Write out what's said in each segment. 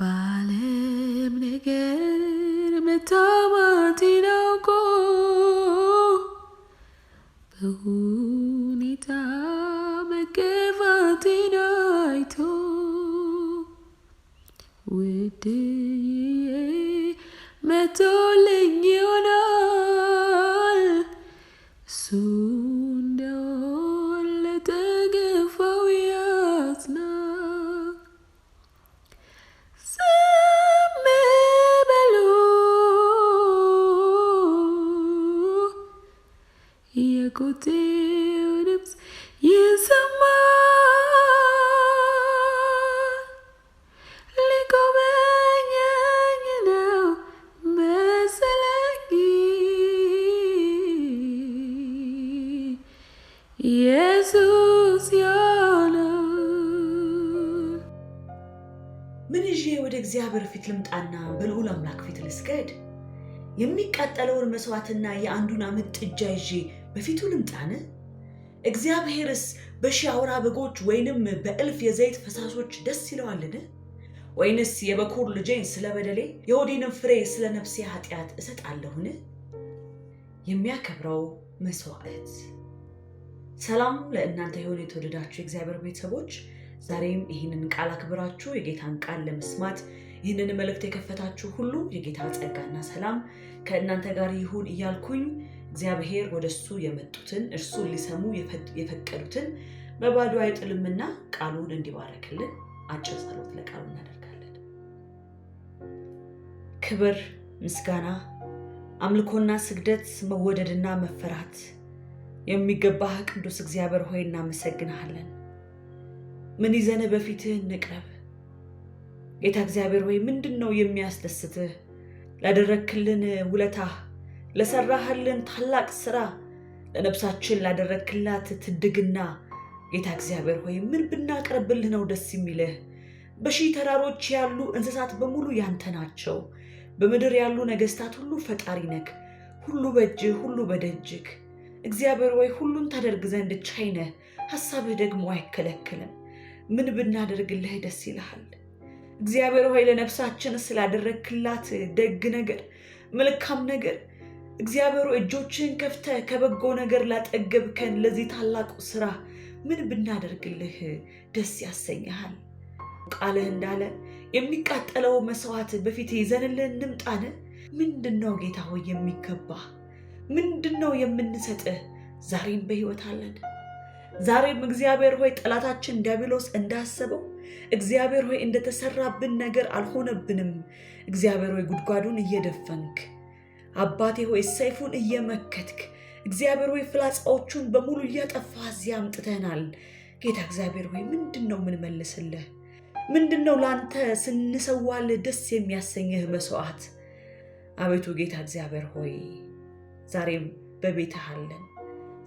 Valem neger metamati nauko Behunita mekevati naito Wedding ፊት ልምጣና በልዑል አምላክ ፊት ልስገድ? የሚቃጠለውን መስዋዕትና የአንዱን ዓመት ጥጃ ይዤ በፊቱ ልምጣን? እግዚአብሔርስ በሺህ አውራ በጎች ወይንም በእልፍ የዘይት ፈሳሶች ደስ ይለዋልን? ወይንስ የበኩር ልጄን ስለ በደሌ የሆዴንም ፍሬ ስለ ነፍሴ ኃጢአት እሰጣለሁን? የሚያከብረው መስዋዕት። ሰላም ለእናንተ የሆነ የተወደዳችሁ የእግዚአብሔር ቤተሰቦች፣ ዛሬም ይህንን ቃል አክብራችሁ የጌታን ቃል ለመስማት ይህንን መልእክት የከፈታችሁ ሁሉ የጌታ ጸጋና ሰላም ከእናንተ ጋር ይሁን እያልኩኝ እግዚአብሔር ወደ እሱ የመጡትን እርሱን ሊሰሙ የፈቀዱትን በባዶ አይጥልምና ቃሉን እንዲባረክልን አጭር ጸሎት ለቃሉ እናደርጋለን። ክብር፣ ምስጋና፣ አምልኮና ስግደት፣ መወደድና መፈራት የሚገባህ ቅዱስ እግዚአብሔር ሆይ እናመሰግንሃለን። ምን ይዘን በፊትህ እንቅረብ ጌታ እግዚአብሔር ሆይ ምንድን ነው የሚያስደስትህ? ላደረክልን ውለታ፣ ለሰራህልን ታላቅ ስራ፣ ለነፍሳችን ላደረክላት ትድግና ጌታ እግዚአብሔር ሆይ ምን ብናቀርብልህ ነው ደስ የሚልህ? በሺህ ተራሮች ያሉ እንስሳት በሙሉ ያንተ ናቸው። በምድር ያሉ ነገስታት ሁሉ ፈጣሪ ነክ ሁሉ በእጅህ ሁሉ በደጅግ እግዚአብሔር ወይ ሁሉን ታደርግ ዘንድ ቻይነህ ነህ። ሀሳብህ ደግሞ አይከለከልም። ምን ብናደርግልህ ደስ ይልሃል? እግዚአብሔር ሆይ ለነፍሳችን ስላደረግክላት ደግ ነገር፣ መልካም ነገር እግዚአብሔሩ እጆችን ከፍተ ከበጎ ነገር ላጠገብከን ለዚህ ታላቁ ስራ ምን ብናደርግልህ ደስ ያሰኝሃል? ቃልህ እንዳለ የሚቃጠለው መስዋዕት በፊት ይዘንልን እንምጣን። ምንድን ነው ጌታ ሆይ የሚገባ ምንድን ነው የምንሰጥህ? ዛሬም በሕይወት አለን። ዛሬም እግዚአብሔር ሆይ ጠላታችን ዲያብሎስ እንዳሰበው እግዚአብሔር ሆይ እንደተሰራብን ነገር አልሆነብንም። እግዚአብሔር ሆይ ጉድጓዱን እየደፈንክ አባቴ ሆይ ሰይፉን እየመከትክ እግዚአብሔር ሆይ ፍላጻዎቹን በሙሉ እያጠፋ እዚያ አምጥተናል። ጌታ እግዚአብሔር ሆይ ምንድን ነው ምንመልስልህ? ምንድን ነው ለአንተ ስንሰዋልህ ደስ የሚያሰኝህ መስዋዕት? አቤቱ ጌታ እግዚአብሔር ሆይ ዛሬም በቤትህ አለን።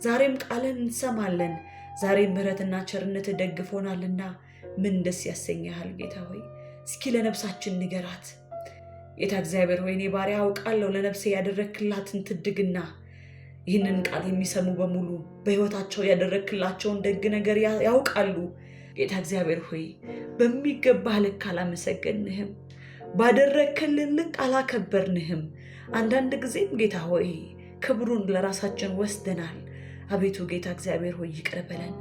ዛሬም ቃልን እንሰማለን። ዛሬ ምሕረትና ቸርነት ደግፎናልና ምን ደስ ያሰኛል ጌታ ሆይ? እስኪ ለነፍሳችን ንገራት። ጌታ እግዚአብሔር ሆይ እኔ ባሪያ አውቃለሁ ለነብሴ ያደረክላትን ትድግና ይህንን ቃል የሚሰሙ በሙሉ በሕይወታቸው ያደረክላቸውን ደግ ነገር ያውቃሉ። ጌታ እግዚአብሔር ሆይ በሚገባ ልክ አላመሰገንህም፣ ባደረክልን ልክ አላከበርንህም። አንዳንድ ጊዜም ጌታ ሆይ ክብሩን ለራሳችን ወስደናል። አቤቱ ጌታ እግዚአብሔር ሆይ ይቅር በለን።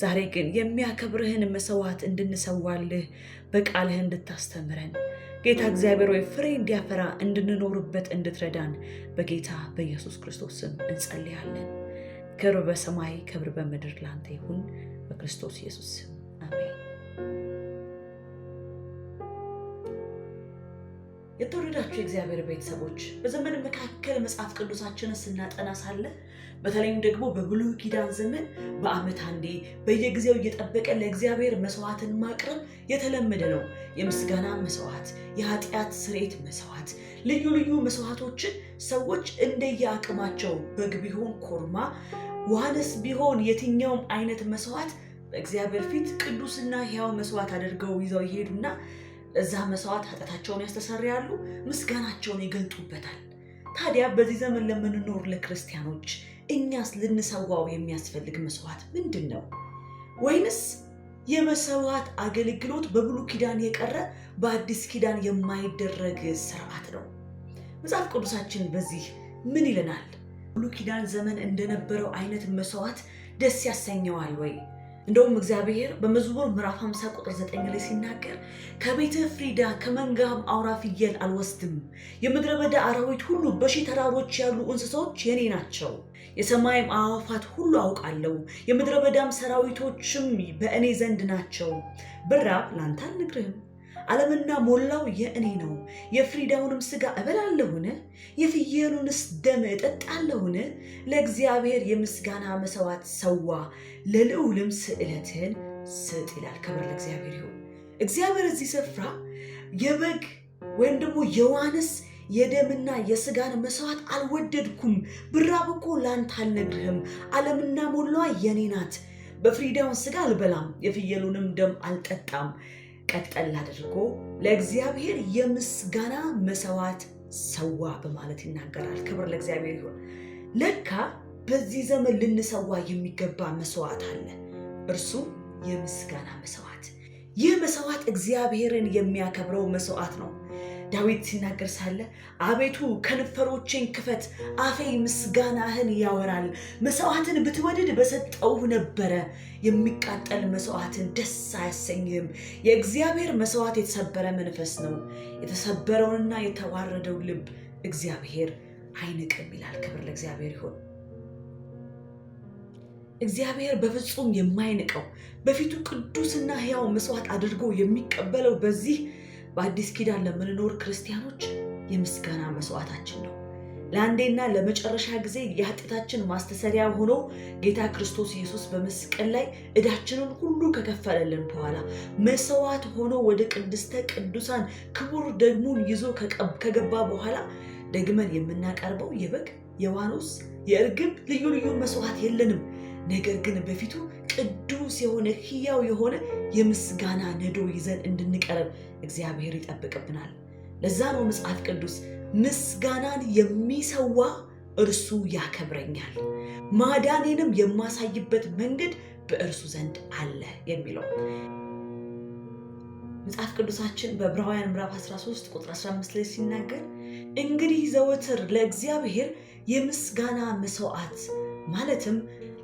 ዛሬ ግን የሚያከብርህን መሰዋዕት እንድንሰዋልህ በቃልህ እንድታስተምረን ጌታ እግዚአብሔር ሆይ ፍሬ እንዲያፈራ እንድንኖርበት እንድትረዳን በጌታ በኢየሱስ ክርስቶስ ስም እንጸልያለን። ክብር በሰማይ ክብር በምድር ላንተ ይሁን፣ በክርስቶስ ኢየሱስ ስም የተወደዳችሁ የእግዚአብሔር ቤተሰቦች በዘመን መካከል መጽሐፍ ቅዱሳችንን ስናጠና ሳለ በተለይም ደግሞ በብሉይ ኪዳን ዘመን በዓመት አንዴ በየጊዜው እየጠበቀ ለእግዚአብሔር መስዋዕትን ማቅረብ የተለመደ ነው። የምስጋና መስዋዕት፣ የኃጢአት ስሬት መስዋዕት፣ ልዩ ልዩ መስዋዕቶችን ሰዎች እንደየአቅማቸው በግ ቢሆን ኮርማ፣ ዋህነስ ቢሆን የትኛውም አይነት መስዋዕት በእግዚአብሔር ፊት ቅዱስና ሕያው መስዋዕት አድርገው ይዘው ይሄዱና እዛ መስዋዕት ኃጢአታቸውን ያስተሰርያሉ፣ ምስጋናቸውን ይገልጡበታል። ታዲያ በዚህ ዘመን ለምንኖር ለክርስቲያኖች እኛስ ልንሰዋው የሚያስፈልግ መስዋዕት ምንድን ነው? ወይንስ የመስዋዕት አገልግሎት በብሉይ ኪዳን የቀረ በአዲስ ኪዳን የማይደረግ ስርዓት ነው? መጽሐፍ ቅዱሳችን በዚህ ምን ይለናል? ብሉይ ኪዳን ዘመን እንደነበረው አይነት መስዋዕት ደስ ያሰኘዋል ወይ? እንደውም እግዚአብሔር በመዝሙር ምዕራፍ 50 ቁጥር 9 ላይ ሲናገር ከቤተ ፍሪዳ ከመንጋም አውራ ፍየል አልወስድም። የምድረ በዳ አራዊት ሁሉ፣ በሺ ተራሮች ያሉ እንስሳዎች የኔ ናቸው። የሰማይም አዕዋፋት ሁሉ አውቃለሁ፣ የምድረ በዳም ሰራዊቶችም በእኔ ዘንድ ናቸው። ብራብ ላንተ አልነግርህም ዓለምና ሞላው የእኔ ነው። የፍሪዳውንም ስጋ እበላለሁን? የፍየሉንስ ደም እጠጣለሁን? ለእግዚአብሔር የምስጋና መሰዋት ሰዋ፣ ለልዑልም ስዕለትህን ስጥ ይላል። ክብር ለእግዚአብሔር ይሁን። እግዚአብሔር እዚህ ስፍራ የበግ ወይም ደግሞ የዋንስ የደምና የስጋን መስዋዕት አልወደድኩም። ብራብ እኮ ላንተ አልነግርህም። ዓለምና ሞላዋ የኔ ናት። በፍሪዳውን ስጋ አልበላም፣ የፍየሉንም ደም አልጠጣም። ቀጠል አድርጎ ለእግዚአብሔር የምስጋና መሰዋዕት ሰዋ በማለት ይናገራል። ክብር ለእግዚአብሔር ይሁን። ለካ በዚህ ዘመን ልንሰዋ የሚገባ መስዋዕት አለ። እርሱ የምስጋና መስዋዕት። ይህ መስዋዕት እግዚአብሔርን የሚያከብረው መስዋዕት ነው። ዳዊት ሲናገር ሳለ አቤቱ ከንፈሮቼን ክፈት፣ አፌ ምስጋናህን ያወራል። መስዋዕትን ብትወድድ በሰጠውህ ነበረ፣ የሚቃጠል መስዋዕትን ደስ አያሰኝህም። የእግዚአብሔር መስዋዕት የተሰበረ መንፈስ ነው፣ የተሰበረውንና የተዋረደው ልብ እግዚአብሔር አይንቅም ይላል። ክብር ለእግዚአብሔር ይሁን። እግዚአብሔር በፍጹም የማይንቀው በፊቱ ቅዱስና ሕያው መስዋዕት አድርጎ የሚቀበለው በዚህ በአዲስ ኪዳን ለምንኖር ክርስቲያኖች የምስጋና መስዋዕታችን ነው። ለአንዴና ለመጨረሻ ጊዜ የኃጢአታችን ማስተሰሪያ ሆኖ ጌታ ክርስቶስ ኢየሱስ በመስቀል ላይ እዳችንን ሁሉ ከከፈለልን በኋላ መስዋዕት ሆኖ ወደ ቅድስተ ቅዱሳን ክቡር ደግሞን ይዞ ከገባ በኋላ ደግመን የምናቀርበው የበግ የዋኖስ የእርግብ ልዩ ልዩ መስዋዕት የለንም። ነገር ግን በፊቱ ቅዱስ የሆነ ህያው የሆነ የምስጋና ነዶ ይዘን እንድንቀርብ እግዚአብሔር ይጠብቅብናል። ለዛ ነው መጽሐፍ ቅዱስ ምስጋናን የሚሰዋ እርሱ ያከብረኛል፣ ማዳኔንም የማሳይበት መንገድ በእርሱ ዘንድ አለ የሚለው መጽሐፍ ቅዱሳችን በዕብራውያን ምዕራፍ 13 ቁጥር 15 ላይ ሲናገር እንግዲህ ዘወትር ለእግዚአብሔር የምስጋና መስዋዕት ማለትም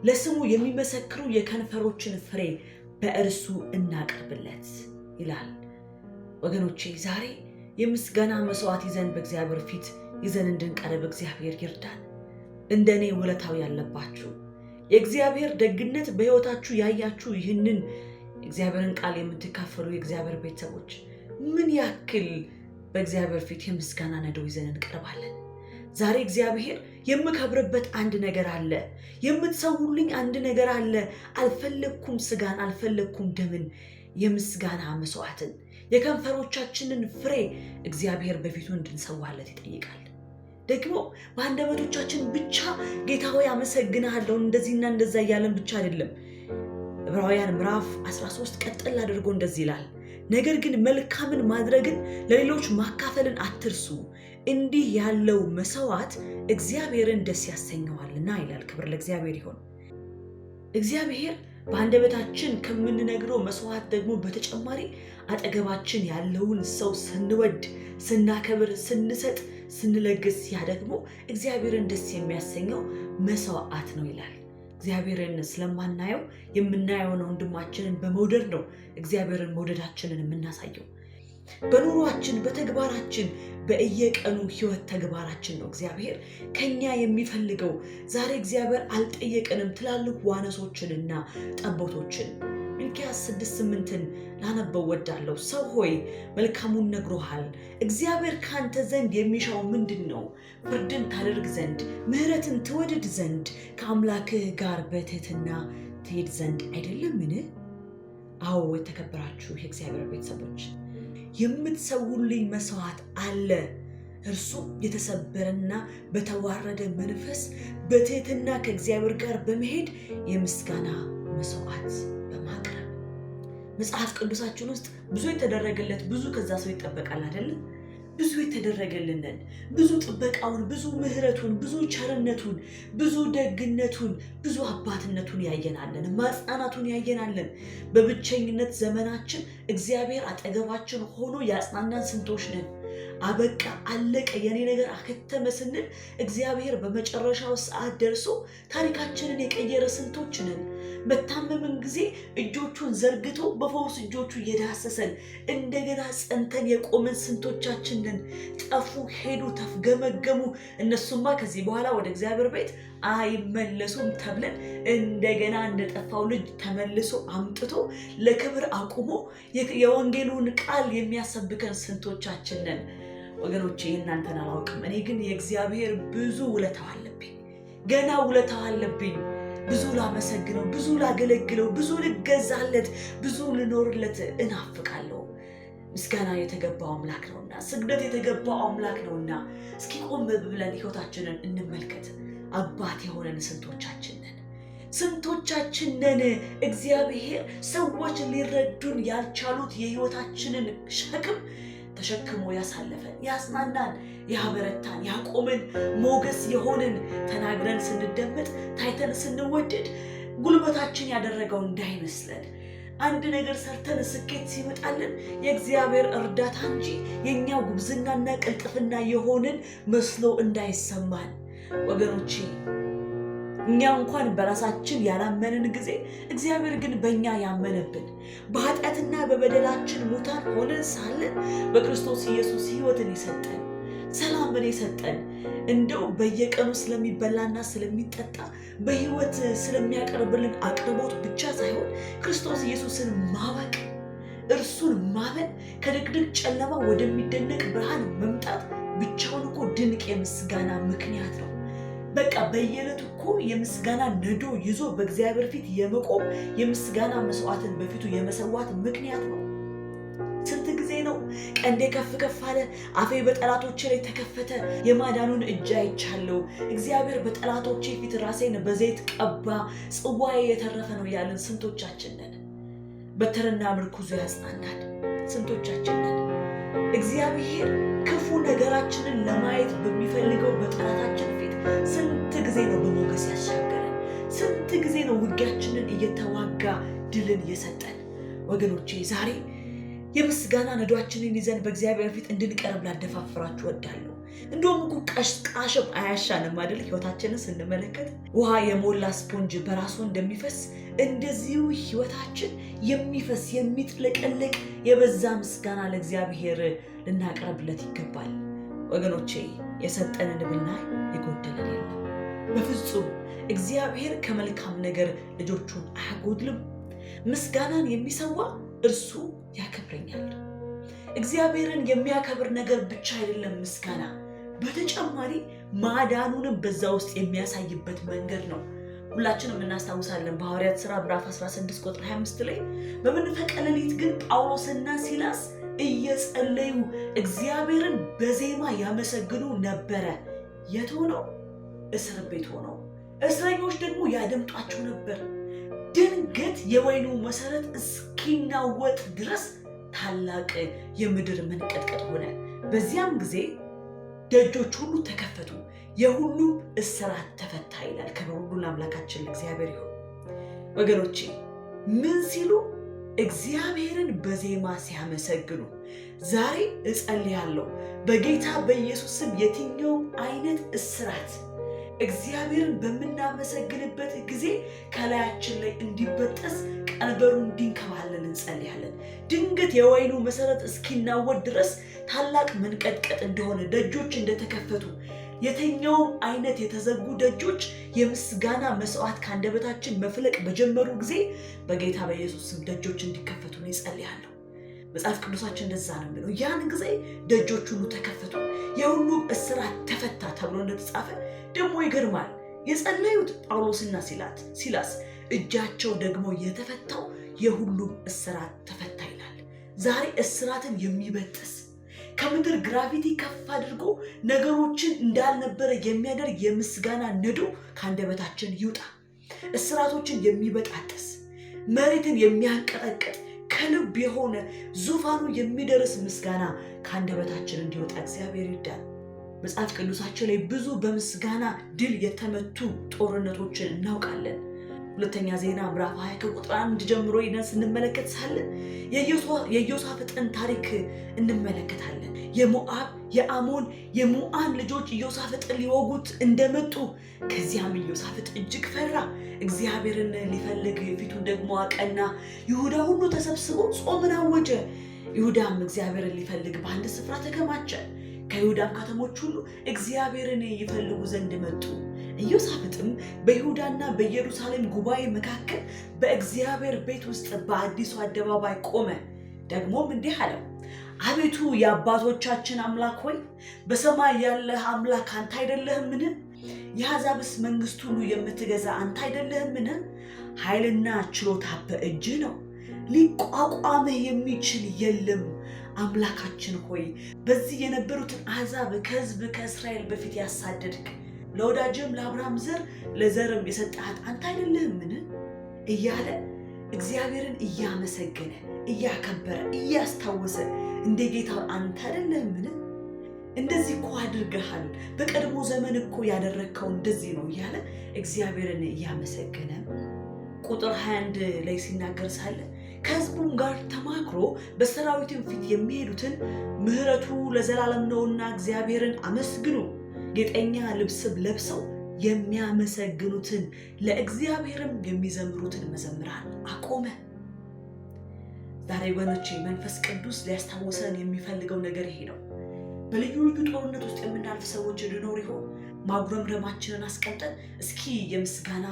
ለስሙ የሚመሰክሩ የከንፈሮችን ፍሬ በእርሱ እናቀርብለት ይላል። ወገኖቼ ዛሬ የምስጋና መስዋዕት ይዘን በእግዚአብሔር ፊት ይዘን እንድንቀርብ እግዚአብሔር ይርዳን። እንደ እኔ ውለታው ያለባችሁ የእግዚአብሔር ደግነት በሕይወታችሁ ያያችሁ ይህንን እግዚአብሔርን ቃል የምትካፈሉ የእግዚአብሔር ቤተሰቦች ምን ያክል በእግዚአብሔር ፊት የምስጋና ነዶ ይዘን እንቀርባለን? ዛሬ እግዚአብሔር የምከብርበት አንድ ነገር አለ። የምትሰውልኝ አንድ ነገር አለ። አልፈለግኩም ስጋን፣ አልፈለግኩም ደምን፣ የምስጋና መስዋዕትን፣ የከንፈሮቻችንን ፍሬ እግዚአብሔር በፊቱ እንድንሰዋለት ይጠይቃል። ደግሞ በአንደበቶቻችን ብቻ ጌታ ሆይ አመሰግናለሁ እንደዚህና እንደዛ እያለን ብቻ አይደለም። ዕብራውያን ምዕራፍ 13 ቀጠል አድርጎ እንደዚህ ይላል፣ ነገር ግን መልካምን ማድረግን ለሌሎች ማካፈልን አትርሱ፣ እንዲህ ያለው መሰዋት እግዚአብሔርን ደስ ያሰኘዋልና ይላል። ክብር ለእግዚአብሔር ይሆን። እግዚአብሔር በአንደበታችን ከምንነግረው መስዋዕት ደግሞ በተጨማሪ አጠገባችን ያለውን ሰው ስንወድ፣ ስናከብር፣ ስንሰጥ፣ ስንለግስ ያ ደግሞ እግዚአብሔርን ደስ የሚያሰኘው መስዋዕት ነው ይላል። እግዚአብሔርን ስለማናየው የምናየውን ወንድማችንን በመውደድ ነው እግዚአብሔርን መውደዳችንን የምናሳየው። በኑሯችን በተግባራችን በየቀኑ ህይወት ተግባራችን ነው እግዚአብሔር ከኛ የሚፈልገው። ዛሬ እግዚአብሔር አልጠየቀንም ትላልቅ ዋነሶችንና ጠቦቶችን። ሚልክያስ ስድስት ስምንትን ላነበው ወዳለሁ። ሰው ሆይ መልካሙን ነግሮሃል። እግዚአብሔር ካንተ ዘንድ የሚሻው ምንድን ነው? ፍርድን ታደርግ ዘንድ፣ ምህረትን ትወድድ ዘንድ፣ ከአምላክህ ጋር በትህትና ትሄድ ዘንድ አይደለምን? አዎ የተከበራችሁ የእግዚአብሔር ቤተሰቦች የምትሰውልኝ መስዋዕት አለ። እርሱ የተሰበረና በተዋረደ መንፈስ በትህትና ከእግዚአብሔር ጋር በመሄድ የምስጋና መስዋዕት በማቅረብ መጽሐፍ ቅዱሳችን ውስጥ ብዙ የተደረገለት ብዙ ከዛ ሰው ይጠበቃል አይደለም? ብዙ የተደረገልንን ብዙ ጥበቃውን፣ ብዙ ምሕረቱን፣ ብዙ ቸርነቱን፣ ብዙ ደግነቱን፣ ብዙ አባትነቱን ያየናለን፣ ማጽናናቱን ያየናለን። በብቸኝነት ዘመናችን እግዚአብሔር አጠገባችን ሆኖ ያጽናናን ስንቶች ነን። አበቃ፣ አለቀ፣ የኔ ነገር አከተመ ስንል እግዚአብሔር በመጨረሻው ሰዓት ደርሶ ታሪካችንን የቀየረ ስንቶች ነን። በታመምን ጊዜ እጆቹን ዘርግቶ በፈውስ እጆቹ እየዳሰሰን እንደገና ጸንተን የቆምን ስንቶቻችንን ጠፉ፣ ሄዱ፣ ተፍገመገሙ። እነሱማ ከዚህ በኋላ ወደ እግዚአብሔር ቤት አይመለሱም ተብለን እንደገና እንደጠፋው ልጅ ተመልሶ አምጥቶ ለክብር አቁሞ የወንጌሉን ቃል የሚያሰብከን ስንቶቻችንን ወገኖቼ እናንተን አላውቅም። እኔ ግን የእግዚአብሔር ብዙ ውለታው አለብኝ፣ ገና ውለታው አለብኝ። ብዙ ላመሰግነው፣ ብዙ ላገለግለው፣ ብዙ ልገዛለት፣ ብዙ ልኖርለት እናፍቃለሁ። ምስጋና የተገባው አምላክ ነውና፣ ስግደት የተገባው አምላክ ነውና፣ እስኪ ቆም ብለን ህይወታችንን እንመልከት። አባት የሆነን ስንቶቻችን ነን? ስንቶቻችን ነን እግዚአብሔር ሰዎች ሊረዱን ያልቻሉት የህይወታችንን ሸክም ተሸክሞ ያሳለፈን ያጽናናን፣ ያበረታን፣ ያቆመን ሞገስ የሆንን ተናግረን ስንደመጥ ታይተን ስንወደድ ጉልበታችን ያደረገው እንዳይመስለን አንድ ነገር ሰርተን ስኬት ሲመጣልን የእግዚአብሔር እርዳታ እንጂ የእኛ ጉብዝናና ቅልጥፍና የሆንን መስሎ እንዳይሰማን ወገኖቼ እኛ እንኳን በራሳችን ያላመንን ጊዜ እግዚአብሔር ግን በእኛ ያመነብን፣ በኃጢአትና በበደላችን ሙታን ሆነን ሳለን በክርስቶስ ኢየሱስ ሕይወትን የሰጠን ሰላምን የሰጠን እንደው በየቀኑ ስለሚበላና ስለሚጠጣ በሕይወት ስለሚያቀርብልን አቅርቦት ብቻ ሳይሆን ክርስቶስ ኢየሱስን ማወቅ እርሱን ማመን ከድቅድቅ ጨለማ ወደሚደነቅ ብርሃን መምጣት ብቻውን እኮ ድንቅ የምስጋና ምክንያት ነው። በቃ በየዕለት እኮ የምስጋና ነዶ ይዞ በእግዚአብሔር ፊት የመቆም የምስጋና መስዋዕትን በፊቱ የመሰዋት ምክንያት ነው። ስንት ጊዜ ነው ቀንዴ ከፍ ከፍ አለ፣ አፌ በጠላቶቼ ላይ ተከፈተ፣ የማዳኑን እጅ አይቻለሁ፣ እግዚአብሔር በጠላቶቼ ፊት ራሴን በዘይት ቀባ፣ ጽዋዬ የተረፈ ነው ያለን ስንቶቻችን ነን? በትርና ምርኩዙ ያጽናናል። ስንቶቻችን ነን? እግዚአብሔር ክፉ ነገራችንን ለማየት በሚፈልገው በጠላታችን ፊት ስንት ጊዜ ነው በሞገስ ያሻገረን? ስንት ጊዜ ነው ውጊያችንን እየተዋጋ ድልን የሰጠን ወገኖቼ ዛሬ የምስጋና ነዷችንን ይዘን በእግዚአብሔር ፊት እንድንቀርብ ላደፋፍራችሁ ወዳለሁ። እንደውም እኮ ቃሽም አያሻንም አይደል? ህይወታችንን ስንመለከት ውሃ የሞላ ስፖንጅ በራሱ እንደሚፈስ እንደዚሁ ህይወታችን የሚፈስ የሚጥለቀለቅ የበዛ ምስጋና ለእግዚአብሔር ልናቀርብለት ይገባል። ወገኖቼ የሰጠንን ብናይ የጎደለን የለም። በፍጹም እግዚአብሔር ከመልካም ነገር ልጆቹን አያጎድልም። ምስጋናን የሚሰዋ እርሱ ያከብረኛል። እግዚአብሔርን የሚያከብር ነገር ብቻ አይደለም ምስጋና፣ በተጨማሪ ማዳኑንም በዛ ውስጥ የሚያሳይበት መንገድ ነው። ሁላችንም እናስታውሳለን በሐዋርያት ሥራ ምዕራፍ 16 ቁጥር 25 ላይ በመንፈቀ ሌሊት ግን ጳውሎስና ሲላስ እየጸለዩ እግዚአብሔርን በዜማ ያመሰግኑ ነበረ የት ሆነው? እስር ቤት ሆነው። እስረኞች ደግሞ ያደምጧቸው ነበር። ድንገት የወይኑ መሰረት እስኪናወጥ ድረስ ታላቅ የምድር መንቀጥቀጥ ሆነ። በዚያም ጊዜ ደጆች ሁሉ ተከፈቱ፣ የሁሉም እስራት ተፈታ ይላል። ክብር ሁሉ ለአምላካችን ለእግዚአብሔር ይሁን። ወገኖቼ ምን ሲሉ? እግዚአብሔርን በዜማ ሲያመሰግኑ ዛሬ እጸልያለሁ በጌታ በኢየሱስ ስም የትኛውም አይነት እስራት እግዚአብሔርን በምናመሰግንበት ጊዜ ከላያችን ላይ እንዲበጠስ ቀንበሩ እንዲንከባለን እንጸልያለን። ድንገት የወይኑ መሰረት እስኪናወድ ድረስ ታላቅ መንቀጥቀጥ እንደሆነ፣ ደጆች እንደተከፈቱ፣ የትኛውም አይነት የተዘጉ ደጆች የምስጋና መስዋዕት ከአንደበታችን መፍለቅ በጀመሩ ጊዜ በጌታ በኢየሱስ ስም ደጆች እንዲከፈቱ ነው ይጸልያለሁ። መጽሐፍ ቅዱሳችን እንደዛ ነው የሚለው። ያን ጊዜ ደጆች ሁሉ ተከፈቱ፣ የሁሉም እስራት ተፈታ ተብሎ እንደተጻፈ ደግሞ ይገርማል። የጸለዩት ጳውሎስና ሲላስ እጃቸው ደግሞ የተፈታው የሁሉም እስራት ተፈታ ይላል። ዛሬ እስራትን የሚበጥስ ከምድር ግራቪቲ ከፍ አድርጎ ነገሮችን እንዳልነበረ የሚያደርግ የምስጋና ነዶ ከአንደበታችን ይውጣ። እስራቶችን የሚበጣጥስ መሬትን የሚያንቀጠቅጥ ከልብ የሆነ ዙፋኑ የሚደርስ ምስጋና ከአንደበታችን እንዲወጣ እግዚአብሔር ይዳል። መጽሐፍ ቅዱሳችን ላይ ብዙ በምስጋና ድል የተመቱ ጦርነቶችን እናውቃለን። ሁለተኛ ዜና ምዕራፍ ሀያ ከቁጥር አንድ ጀምሮ ይነን ስንመለከት ሳለ የኢዮሳፍጥን ታሪክ እንመለከታለን። የሞአብ የአሞን የሙአን ልጆች ኢዮሳፍጥን ሊወጉት እንደመጡ፣ ከዚያም ኢዮሳፍጥ እጅግ ፈራ፣ እግዚአብሔርን ሊፈልግ ፊቱን ደግሞ አቀና። ይሁዳ ሁሉ ተሰብስቦ ጾምን አወጀ። ይሁዳም እግዚአብሔርን ሊፈልግ በአንድ ስፍራ ተከማቸ። ከይሁዳም ከተሞች ሁሉ እግዚአብሔርን ይፈልጉ ዘንድ መጡ። ኢዮሳፍጥም በይሁዳና በኢየሩሳሌም ጉባኤ መካከል በእግዚአብሔር ቤት ውስጥ በአዲሱ አደባባይ ቆመ። ደግሞም እንዲህ አለው፣ አቤቱ የአባቶቻችን አምላክ ሆይ በሰማይ ያለህ አምላክ አንተ አይደለህምን? የአሕዛብስ መንግሥት ሁሉ የምትገዛ አንተ አይደለህምን? ኃይልና ችሎታ በእጅህ ነው፣ ሊቋቋምህ የሚችል የለም። አምላካችን ሆይ በዚህ የነበሩትን አሕዛብ ከሕዝብ ከእስራኤል በፊት ያሳደድክ ለወዳጅም ለአብርሃም ዘር ለዘርም የሰጠሃት አንተ አይደለህምን እያለ እግዚአብሔርን እያመሰገነ እያከበረ እያስታወሰ እንደ ጌታ አንተ አይደለህምን እንደዚህ እኮ አድርገሃል፣ በቀድሞ ዘመን እኮ ያደረግከው እንደዚህ ነው እያለ እግዚአብሔርን እያመሰገነ ቁጥር 21 ላይ ሲናገር ሳለ ከህዝቡም ጋር ተማክሮ በሰራዊትን ፊት የሚሄዱትን ምህረቱ ለዘላለም ነውና እግዚአብሔርን አመስግኑ ጌጠኛ ልብስም ለብሰው የሚያመሰግኑትን ለእግዚአብሔርም የሚዘምሩትን መዘምራን አቆመ። ዛሬ ወገኖቼ መንፈስ ቅዱስ ሊያስታውሰን የሚፈልገው ነገር ይሄ ነው። በልዩ ልዩ ጦርነት ውስጥ የምናልፍ ሰዎች እንድኖር ይሆን? ማጉረምረማችንን አስቀምጠን እስኪ የምስጋና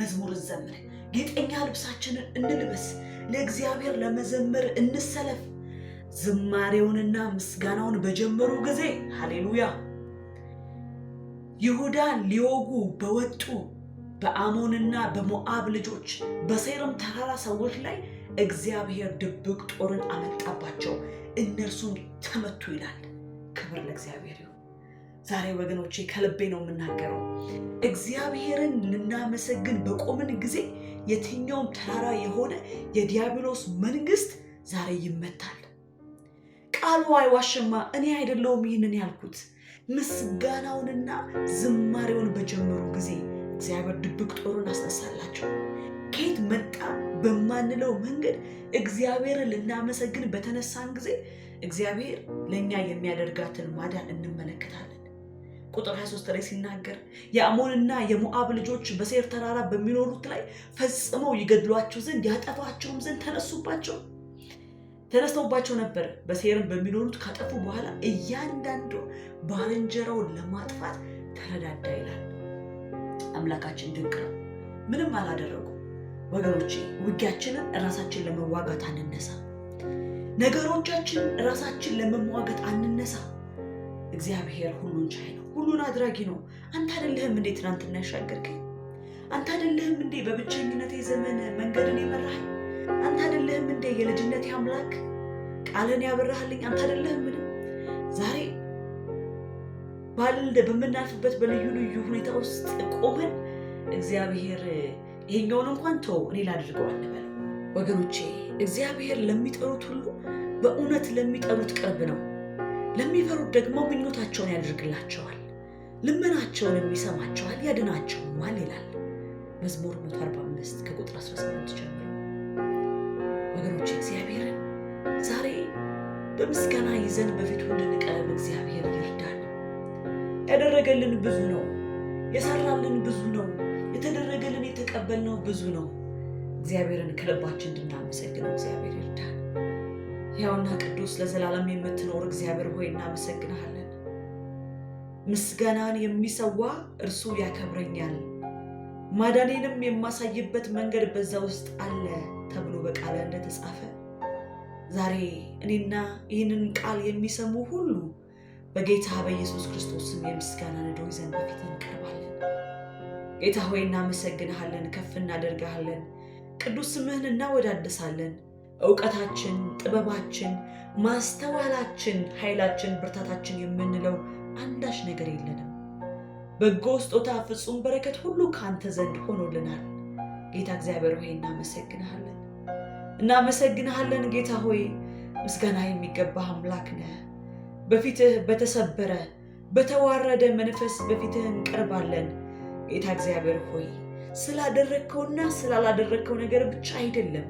መዝሙር እንዘምር፣ ጌጠኛ ልብሳችንን እንልበስ፣ ለእግዚአብሔር ለመዘመር እንሰለፍ። ዝማሬውንና ምስጋናውን በጀመሩ ጊዜ ሃሌሉያ ይሁዳን ሊወጉ በወጡ በአሞንና በሞዓብ ልጆች በሴርም ተራራ ሰዎች ላይ እግዚአብሔር ድብቅ ጦርን አመጣባቸው፣ እነርሱም ተመቱ ይላል። ክብር ለእግዚአብሔር ይሁን። ዛሬ ወገኖቼ ከልቤ ነው የምናገረው። እግዚአብሔርን ልናመሰግን በቆምን ጊዜ የትኛውም ተራራ የሆነ የዲያብሎስ መንግስት ዛሬ ይመታል። ቃሉ አይዋሽማ። እኔ አይደለውም ይህንን ያልኩት ምስጋናውንና ዝማሬውን በጀመሩ ጊዜ እግዚአብሔር ድብቅ ጦሩን አስነሳላቸው። ከየት መጣ በማንለው መንገድ እግዚአብሔርን ልናመሰግን በተነሳን ጊዜ እግዚአብሔር ለእኛ የሚያደርጋትን ማዳን እንመለከታለን። ቁጥር 23 ላይ ሲናገር የአሞንና የሞአብ ልጆች በሴር ተራራ በሚኖሩት ላይ ፈጽመው ይገድሏቸው ዘንድ ያጠፏቸውም ዘንድ ተነሱባቸው ተነስተውባቸው ነበር። በሴርም በሚኖሩት ከጠፉ በኋላ እያንዳንዱ ባልንጀራውን ለማጥፋት ተረዳዳ ይላል። አምላካችን ድንቅ ነው። ምንም አላደረጉ። ወገኖች። ውጊያችንን ራሳችን ለመዋጋት አንነሳ። ነገሮቻችን ራሳችን ለመሟገት አንነሳ። እግዚአብሔር ሁሉን ቻይ ነው፣ ሁሉን አድራጊ ነው። አንተ አይደለህም እንዴ ትናንትና ያሻገርከኝ? አንተ አይደለህም እንዴ በብቸኝነት የዘመን መንገድን የመራኸኝ? አንተ አይደለህም እንዴ የልጅነት አምላክ ቃልን ያበራህልኝ አንተ አይደለህም? ምን ዛሬ ባልደ በምናልፍበት በልዩ ልዩ ሁኔታ ውስጥ ቆመን እግዚአብሔር ይሄኛውን እንኳን ተው እኔ ላድርገው አንበል። ወገኖቼ እግዚአብሔር ለሚጠሩት ሁሉ በእውነት ለሚጠሩት ቅርብ ነው። ለሚፈሩት ደግሞ ምኞታቸውን ያደርግላቸዋል። ልመናቸውን የሚሰማቸዋል፣ ያድናቸውማል ይላል መዝሙር 145 ከቁጥር 18 ምስጋና ይዘን በፊቱ እንድንቀርብ እግዚአብሔር ይርዳን። ያደረገልን ብዙ ነው። የሰራልን ብዙ ነው። የተደረገልን የተቀበልነው ብዙ ነው። እግዚአብሔርን ከልባችን እንድናመሰግነው እግዚአብሔር ይርዳል። ሕያውና ቅዱስ ለዘላለም የምትኖር እግዚአብሔር ሆይ እናመሰግናለን። ምስጋናን የሚሰዋ እርሱ ያከብረኛል፣ ማዳኔንም የማሳይበት መንገድ በዛ ውስጥ አለ ተብሎ በቃለ እንደተጻፈ ዛሬ እኔና ይህንን ቃል የሚሰሙ ሁሉ በጌታ በኢየሱስ ክርስቶስ ስም የምስጋና ነዶ ይዘን በፊት እንቀርባለን። ጌታ ሆይ እናመሰግንሃለን፣ ከፍ እናደርግሃለን፣ ቅዱስ ስምህን እናወዳደሳለን። እውቀታችን፣ ጥበባችን፣ ማስተዋላችን፣ ኃይላችን፣ ብርታታችን የምንለው አንዳች ነገር የለንም። በጎ ስጦታ፣ ፍጹም በረከት ሁሉ ከአንተ ዘንድ ሆኖልናል። ጌታ እግዚአብሔር ሆይ እናመሰግንሃለን። እናመሰግንሃለን ጌታ ሆይ፣ ምስጋና የሚገባህ አምላክ ነህ። በፊትህ በተሰበረ በተዋረደ መንፈስ በፊትህ እንቀርባለን። ጌታ እግዚአብሔር ሆይ ስላደረግከውና ስላላደረግከው ነገር ብቻ አይደለም፣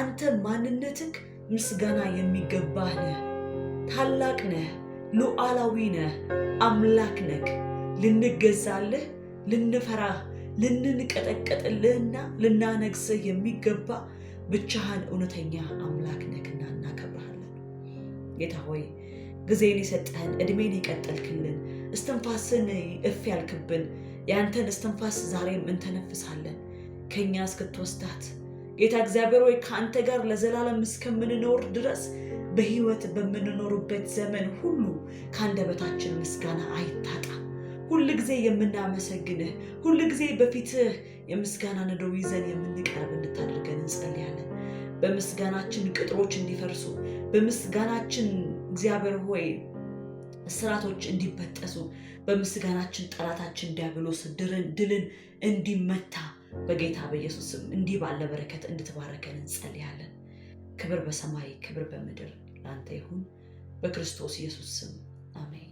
አንተ ማንነትህ ምስጋና የሚገባህ ነህ። ታላቅ ነህ፣ ሉዓላዊ ነህ፣ አምላክ ነህ። ልንገዛልህ፣ ልንፈራህ፣ ልንንቀጠቀጥልህና ልናነግስህ የሚገባ ብቻህን እውነተኛ አምላክ ነክና እናከብርሃለን። ጌታ ሆይ ጊዜን የሰጠህን ዕድሜን ይቀጠልክልን እስትንፋስን እፍ ያልክብን የአንተን እስትንፋስ ዛሬም እንተነፍሳለን ከእኛ እስክትወስዳት ጌታ እግዚአብሔር ወይ ከአንተ ጋር ለዘላለም እስከምንኖር ድረስ በህይወት በምንኖርበት ዘመን ሁሉ ከአንደበታችን ምስጋና አይታጣም። ሁል ጊዜ የምናመሰግንህ፣ ሁል ጊዜ በፊትህ የምስጋና ነዶ ይዘን የምንቀርብ እንድታደርገን እንጸልያለን። በምስጋናችን ቅጥሮች እንዲፈርሱ፣ በምስጋናችን እግዚአብሔር ሆይ ስራቶች እንዲበጠሱ፣ በምስጋናችን ጠላታችን ዲያብሎስ ድልን እንዲመታ በጌታ በኢየሱስ ስም እንዲህ ባለ በረከት እንድትባረከን እንጸልያለን። ክብር በሰማይ ክብር በምድር ላንተ ይሁን፣ በክርስቶስ ኢየሱስ ስም አሜን።